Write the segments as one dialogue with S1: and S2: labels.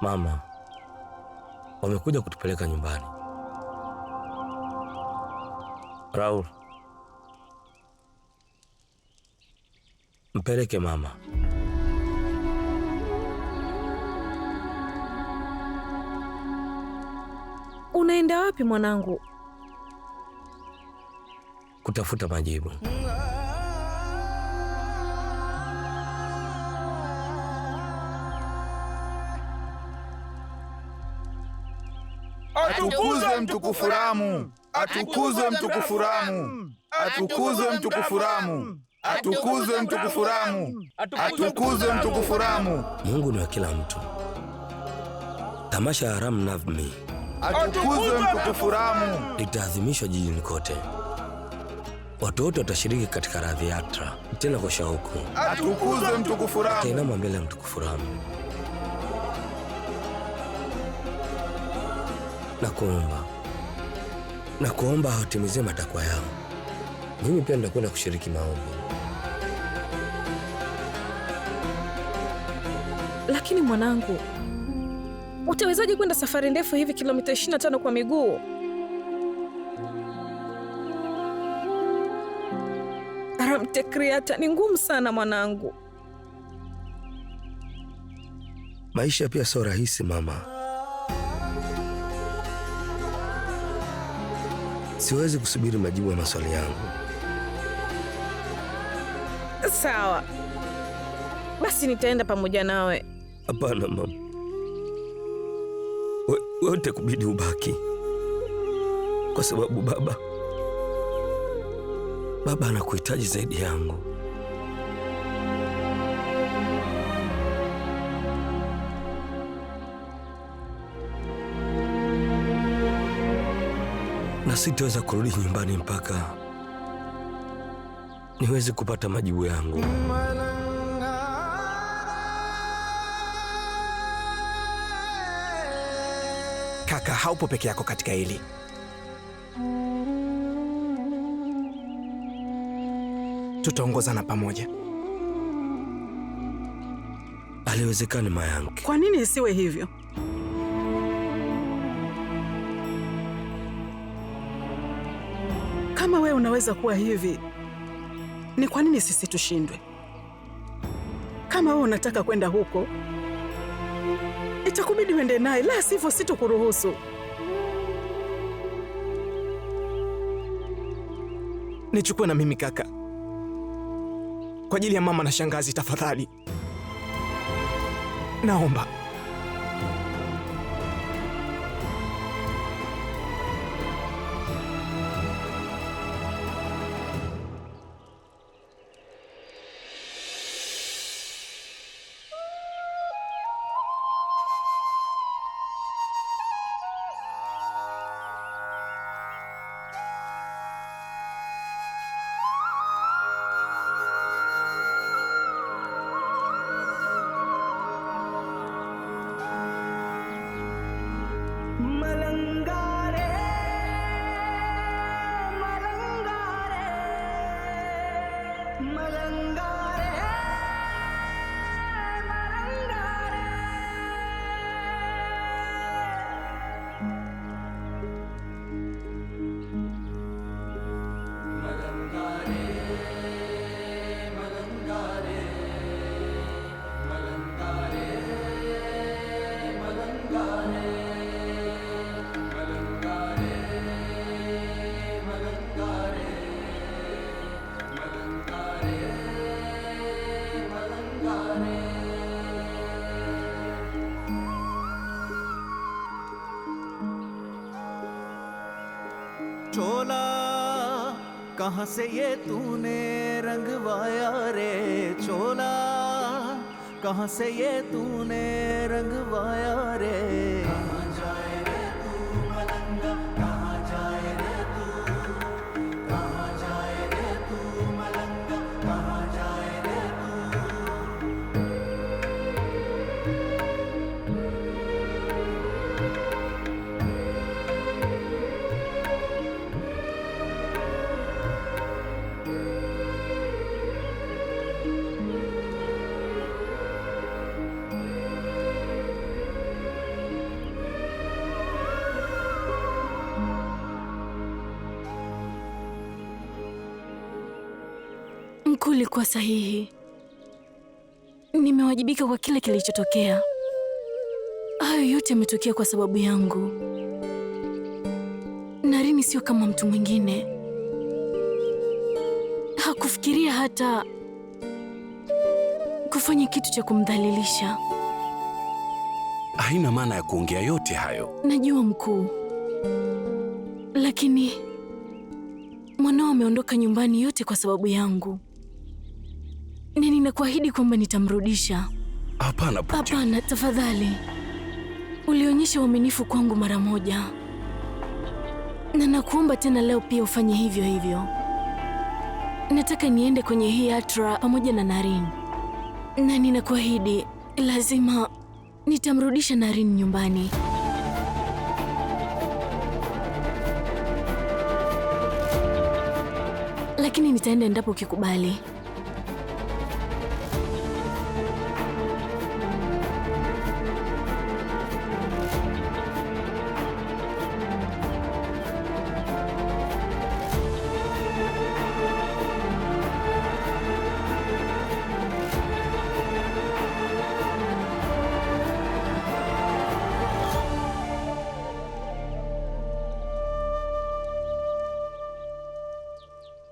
S1: Mama, wamekuja kutupeleka nyumbani. Raul, mpeleke mama. Unaenda wapi mwanangu?
S2: Kutafuta majibu.
S3: Atukuzwe mtukufu Ramu, atukuzwe mtukufu Ramu, atukuzwe mtukufu Ramu, atukuzwe mtukufu Ramu, atukuzwe mtukufu Ramu.
S2: Mungu ni wa kila mtu. Tamasha ya Ram Navmi,
S3: atukuzwe mtukufu Ramu,
S2: litaadhimishwa jijini kote. Watu wote watashiriki katika radhi radhiatra tena kwa shauku.
S3: Atukuzwe mtukufu
S2: Ramu, atainama mbele ya mtukufu Ramu. na kuomba na kuomba awatimizie matakwa yao. Mimi pia nitakwenda kushiriki maombi.
S1: Lakini mwanangu, utawezaje kwenda safari ndefu hivi, kilomita 25 kwa miguu? Ramtekriata, ni ngumu sana mwanangu.
S2: Maisha pia sio rahisi mama. Siwezi kusubiri majibu ya maswali yangu.
S1: Sawa basi, nitaenda pamoja nawe.
S2: Hapana mama, wewe utakubidi ubaki kwa sababu baba baba anakuhitaji zaidi yangu. sitaweza kurudi nyumbani mpaka niweze kupata majibu yangu.
S4: Kaka, haupo peke yako katika hili. Tutaongozana pamoja.
S2: Aliwezekana, mayanke
S1: Kwa nini isiwe hivyo? Kama wewe unaweza kuwa hivi, ni kwa nini sisi tushindwe? Kama wewe unataka kwenda huko, itakubidi uende naye, la sivyo situkuruhusu. Nichukue na mimi kaka, kwa ajili ya mama na shangazi, tafadhali naomba.
S5: कहाँ से ये तूने रंगवाया रे चोला कहाँ से ये तूने रंगवाया रे ulikuwa sahihi. Nimewajibika kwa kile kilichotokea. Hayo yote yametokea kwa sababu yangu. narini sio kama mtu mwingine, hakufikiria hata kufanya kitu cha kumdhalilisha.
S2: Haina maana ya kuongea yote hayo.
S5: Najua mkuu, lakini mwanao ameondoka nyumbani yote kwa sababu yangu. Nimekuahidi kwamba nitamrudisha. Hapana Pooja. Hapana, tafadhali. Ulionyesha uaminifu kwangu mara moja, na nakuomba tena leo pia ufanye hivyo hivyo. Nataka niende kwenye hii atra pamoja na Naren, na ninakuahidi lazima nitamrudisha Naren nyumbani. Lakini nitaenda endapo ukikubali.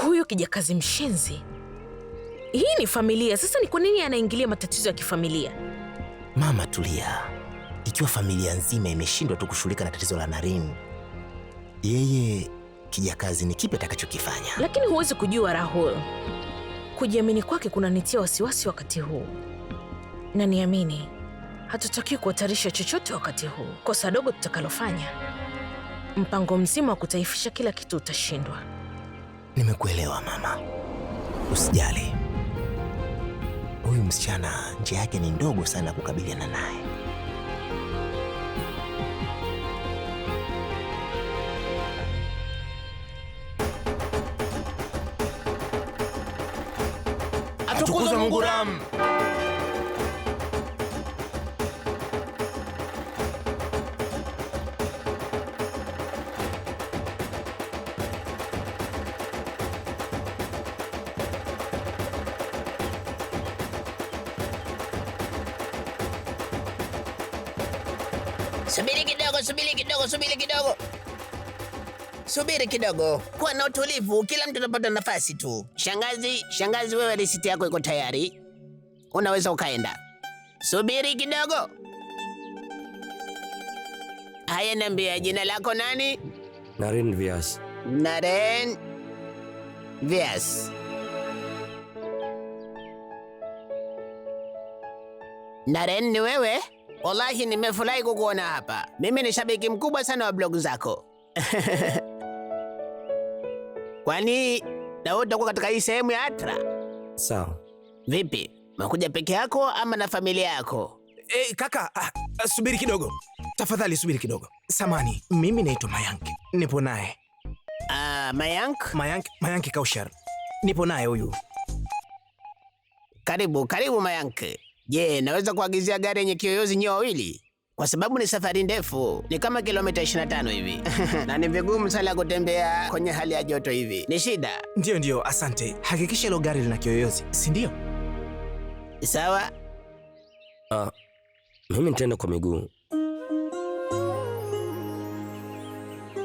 S6: huyo kijakazi mshenzi. Hii ni familia sasa, ni kwa nini anaingilia matatizo ya kifamilia?
S7: Mama tulia, ikiwa familia nzima imeshindwa tu kushughulika na tatizo la Naren, yeye kijakazi ni kipi atakachokifanya?
S6: Lakini huwezi kujua Rahul, kujiamini kwake kunanitia wasiwasi wakati huu, na niamini hatutakiwi kuhatarisha chochote wakati huu. Kosa dogo tutakalofanya, mpango mzima wa kutaifisha kila kitu utashindwa.
S7: Nimekuelewa mama, usijali. Huyu msichana njia yake ni ndogo sana kukabiliana naye.
S3: Atukuzwe Mungu Ram!
S8: subiri kidogo, subiri kidogo. Kuwa na utulivu, kila mtu anapata nafasi tu. Shangazi, shangazi, wewe risiti yako iko tayari, unaweza ukaenda. Subiri kidogo. Haya, niambia jina lako nani?
S2: Naren Vyas.
S8: Naren Vyas. Naren, ni wewe? Wallahi nimefurahi kukuona hapa. Mimi ni shabiki mkubwa sana wa blog zako. Kwani na wewe utakuwa katika hii sehemu ya Atra? Sawa. Vipi? Makuja peke yako ama na familia yako?
S4: Hey, eh, kaka, ah, ah, subiri kidogo. Tafadhali subiri kidogo. Samani, mimi naitwa Mayank. Nipo naye.
S8: Ah, Mayank?
S4: Mayank, Mayank Kaushar. Nipo naye huyu.
S8: Karibu, karibu Mayank. Je, yeah, naweza kuagizia gari yenye kiyoyozi nyewe wawili? Kwa sababu ni safari ndefu, ni kama kilomita 25 hivi na ni vigumu sana kutembea kwenye hali ya joto hivi, ni shida.
S4: ndio ndio asante. Hakikisha hilo gari lina kiyoyozi, si ndio?
S8: Sawa.
S2: Uh, mimi nitaenda kwa miguu.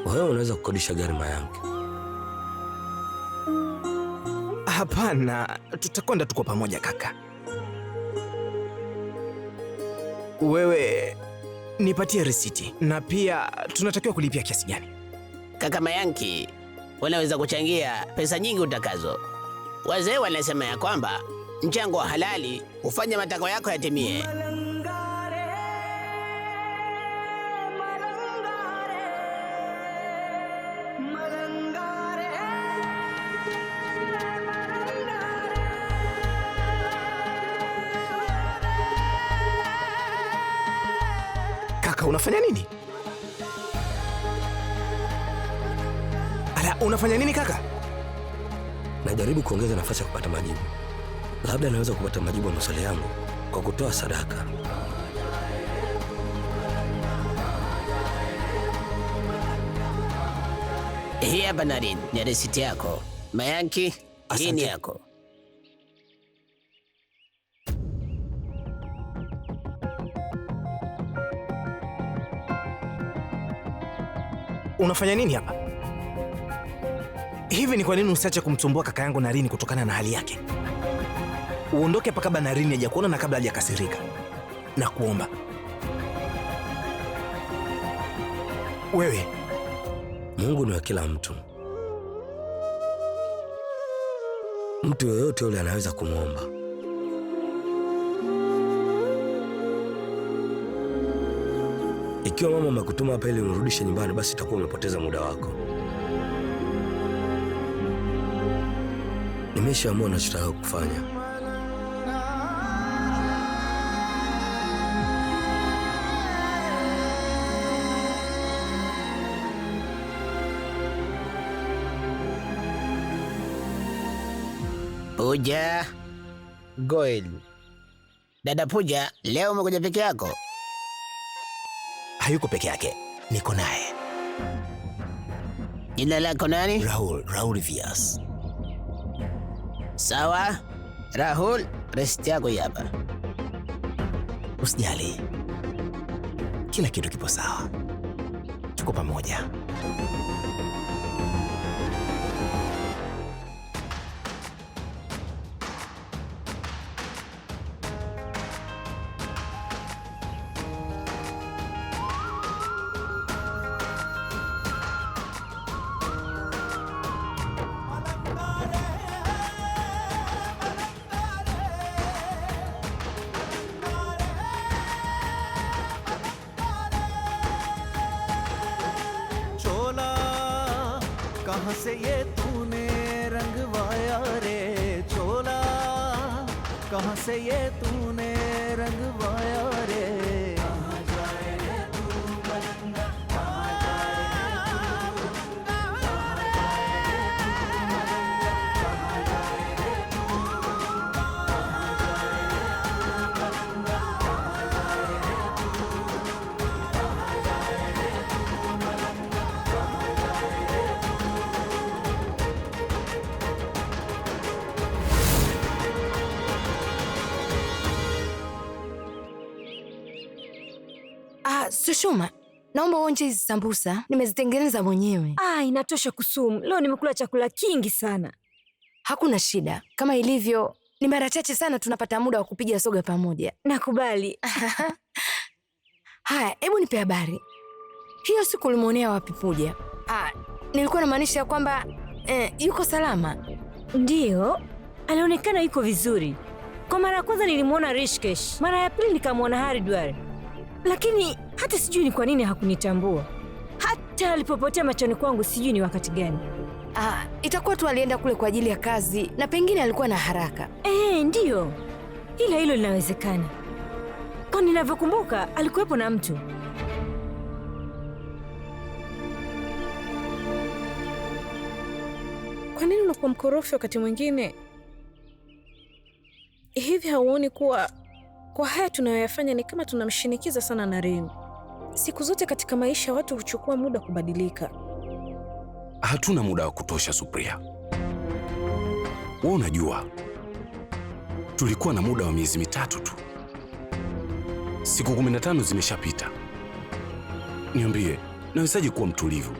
S2: Wewe unaweza kukodisha gari mayangu.
S4: Hapana, tutakwenda tuko pamoja kaka. Wewe nipatie risiti, na pia tunatakiwa kulipia kiasi gani?
S8: Kaka Mayanki, wanaweza kuchangia pesa nyingi utakazo. Wazee wanasema ya kwamba mchango wa halali hufanya matakwa yako yatimie.
S4: Kaka, unafanya nini? Ala, unafanya nini kaka?
S2: Najaribu kuongeza nafasi ya kupata majibu. Labda naweza kupata majibu ya maswali yangu kwa kutoa sadaka.
S8: Hii hapa Naren, ni resiti yako. Mayanki, hii ni yako.
S4: unafanya nini hapa hivi? Ni kwa nini usiache kumsumbua kaka yangu narini kutokana na hali yake? Uondoke hapa kabla Naren hajakuona na kabla hajakasirika. Na kuomba wewe,
S2: Mungu ni wa kila mtu, mtu yoyote yule anaweza kumwomba. Ikiwa mama amekutuma hapa ili unirudishe nyumbani, basi utakuwa umepoteza muda wako. Nimeshaamua nachotaka kufanya.
S8: Puja Goel, dada Puja, leo umekuja peke yako?
S7: hayuko peke yake, niko naye.
S8: Jina lako nani?
S2: Rahul, Rahul Vyas.
S8: Sawa Rahul, resti yako hapa.
S7: Usijali, kila kitu kipo sawa, tuko pamoja. से ये तूने रंगवाया रे चोला
S6: कहाँ से ये तूने Juma, naomba uonje hizi sambusa, nimezitengeneza mwenyewe. Ah, inatosha Kusumu, leo nimekula chakula kingi sana. Hakuna shida, kama ilivyo ni mara chache sana tunapata muda wa kupiga soga pamoja. Nakubali. Haya, hebu nipe habari. Hiyo siku ulimwonea wapi Puja? Ah, nilikuwa namaanisha kwamba eh, yuko salama.
S9: Ndiyo, alionekana yuko vizuri. Kwa mara ya kwanza nilimwona Rishikesh, mara ya pili nikamwona Haridwar, lakini hata sijui ni kwa nini hakunitambua. Hata alipopotea machoni kwangu sijui ni wakati gani.
S6: Ah, itakuwa tu alienda kule kwa ajili ya kazi na pengine alikuwa na haraka.
S9: Eh, ndiyo. Ila hilo linawezekana. Kwa ninavyokumbuka alikuwepo na mtu.
S1: Kwa nini unakuwa mkorofi wakati mwingine? Hivi hauoni kuwa kwa haya tunayoyafanya ni kama tunamshinikiza sana Naren? Siku zote katika maisha watu huchukua muda kubadilika.
S2: Hatuna muda wa kutosha, Supriya. Wewe unajua tulikuwa na muda wa miezi mitatu tu, siku 15 zimeshapita. Niambie, nawezaje kuwa mtulivu?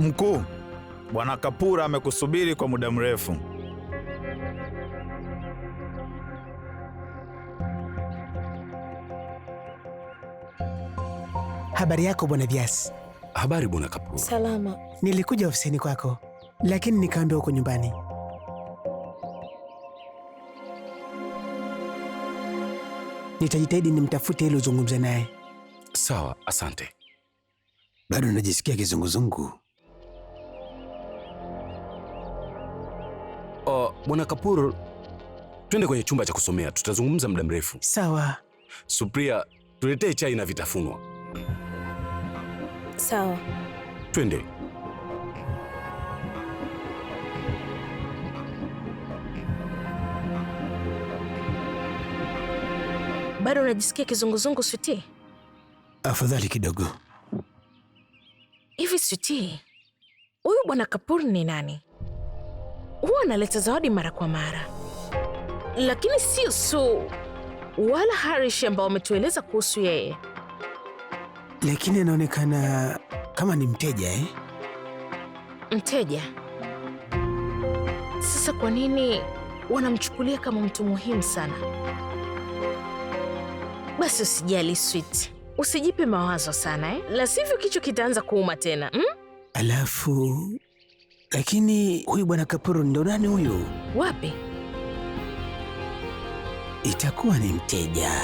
S10: Mkuu, Bwana Kapura amekusubiri kwa muda mrefu.
S4: Habari yako bwana Vyasi?
S2: Habari bwana Kapu.
S5: Salama.
S4: Nilikuja ofisini kwako, lakini nikaambiwa uko nyumbani. Nitajitahidi nimtafute ili uzungumze naye.
S2: Sawa, asante. Bado najisikia kizunguzungu.
S11: Uh, bwana twende kwenye chumba cha kusomea, tutazungumza muda mrefu. Sawa. Supriya, tuletee chai na vitafunwa. Sawa, twende.
S6: Bado unajisikia kizunguzungu Switi?
S2: Afadhali kidogo.
S6: Hivi Switi, huyu bwana Kapur ni nani? Huwa analeta zawadi mara kwa mara, lakini sio Su wala Harish ambao wametueleza kuhusu yeye
S2: lakini anaonekana kama ni mteja eh?
S6: Mteja? Sasa kwa nini wanamchukulia kama mtu muhimu sana? Basi usijali sweet, usijipe mawazo sana eh? La sivyo kichwa kitaanza kuuma tena mm?
S2: Alafu lakini huyu bwana Kapuru ndo nani huyu? Wapi? Itakuwa ni mteja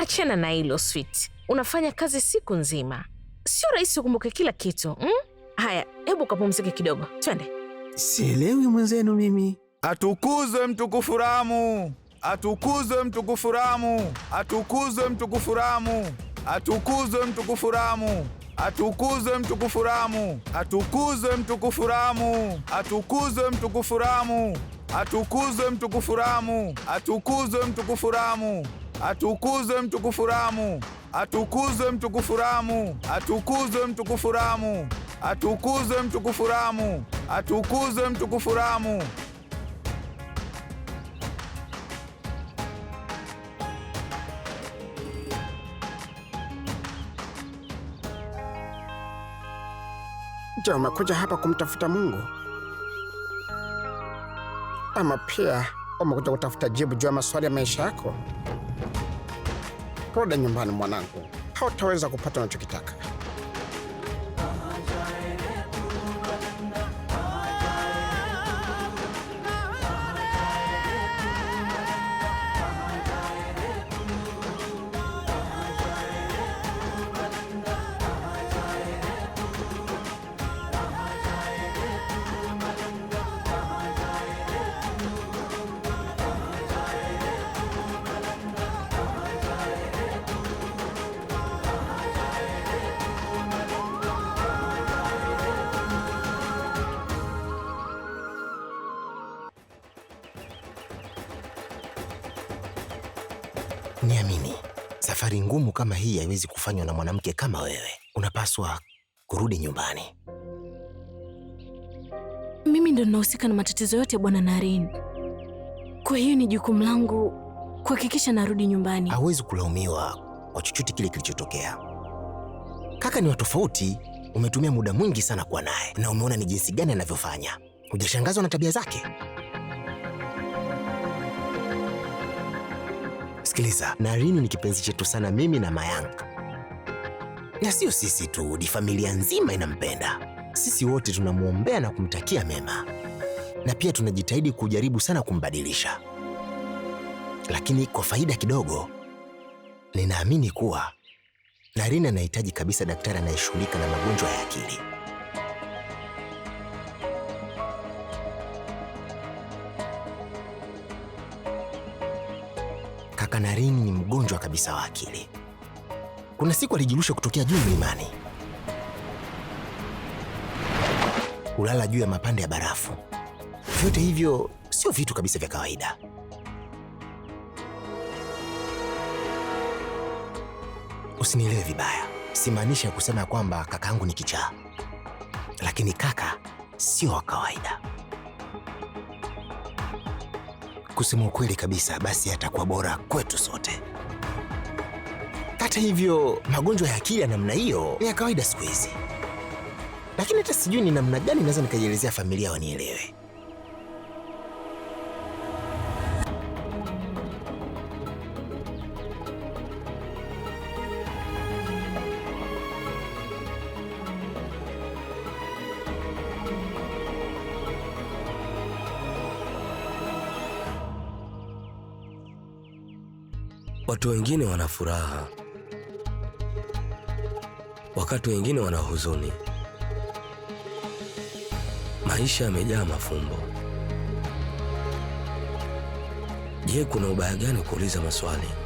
S6: achana na hilo sweet. Unafanya kazi siku nzima, sio rahisi ukumbuke kila kitu mm? Haya, hebu kapumzike kidogo, twende.
S2: Sielewi mwenzenu mimi.
S3: Atukuzwe mtukufu Ramu, atukuzwe mtukufu Ramu, atukuzwe mtukufu Ramu, atukuzwe mtukufu Ramu, atukuzwe mtukufu Ramu, atukuzwe mtukufu Ramu, atukuzwe mtukufu Ramu, atukuzwe mtukufu Ramu, atukuzwe mtukufu Ramu. Atukuzwe mtukufu Ramu, atukuzwe mtukufu Ramu, atukuzwe mtukufu Ramu, atukuzwe mtukufu Ramu, atukuzwe mtukufu Ramu.
S12: Je, umekuja hapa kumtafuta Mungu ama pia umekuja kutafuta jibu juu ya maswali ya maisha yako? Roda nyumbani mwanangu, hautaweza kupata unachokitaka.
S7: Safari ngumu kama hii haiwezi kufanywa na mwanamke kama wewe. Unapaswa kurudi nyumbani.
S5: Mimi ndo ninahusika na matatizo yote ya Bwana Naren, kwa hiyo ni jukumu langu kuhakikisha narudi nyumbani.
S7: Hawezi kulaumiwa kwa chochote kile kilichotokea. Kaka ni wa tofauti. Umetumia muda mwingi sana kuwa naye na umeona ni jinsi gani anavyofanya. Hujashangazwa na tabia zake? Na Narinu ni kipenzi chetu sana, mimi na Mayank, na sio sisi tu, ni familia nzima inampenda. Sisi wote tunamwombea na kumtakia mema, na pia tunajitahidi kujaribu sana kumbadilisha, lakini kwa faida kidogo. Ninaamini kuwa Narina anahitaji kabisa daktari anayeshughulika na magonjwa ya akili. kaka Naren ni mgonjwa kabisa wa akili. Kuna siku alijirusha kutokea juu mlimani, kulala juu ya mapande ya barafu. Vyote hivyo sio vitu kabisa vya kawaida. Usinielewe vibaya, simaanisha ya kusema ya kwamba kakaangu ni kichaa, lakini kaka sio wa kawaida. kusema ukweli kabisa, basi atakuwa bora kwetu sote. Hata hivyo, magonjwa ya akili ya namna hiyo ni ya kawaida siku hizi, lakini hata sijui ni namna gani naweza nikajielezea familia wanielewe.
S2: Wakati wengine wana furaha, wakati wengine wana huzuni. Maisha yamejaa mafumbo. Je, kuna ubaya gani kuuliza maswali?